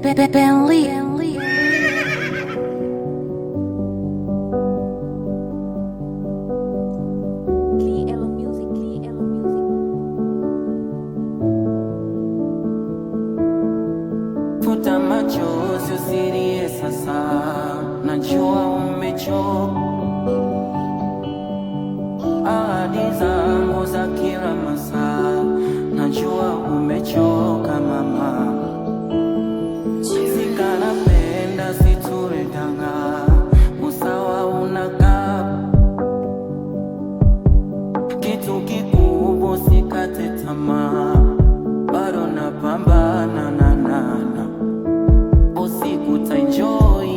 Bentley. Futa machozi usilie sasa, najua umechoka pambana na nana, usiku ta enjoy,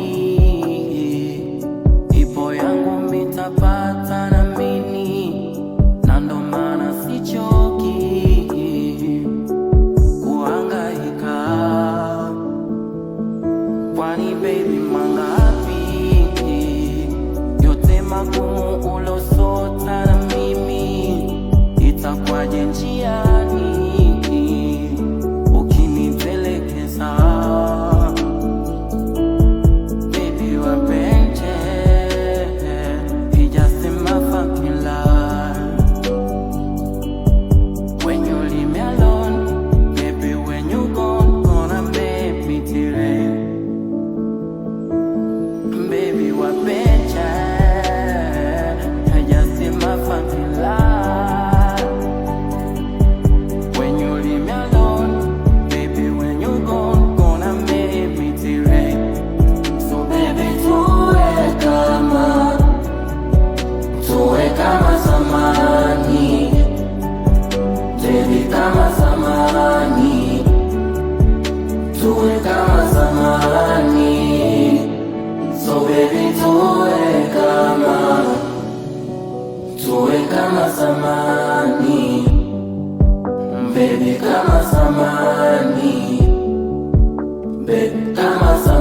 ipo yangu mitapata na mini, na ndo maana sichoki kuhangaika, kwani baby mangapi yote magumu ulosota na mimi, itakwaje njia tuwe kama zamani, so baby tuwe kama tuwe kama zamani, baby kama zamani, baby kama zamani.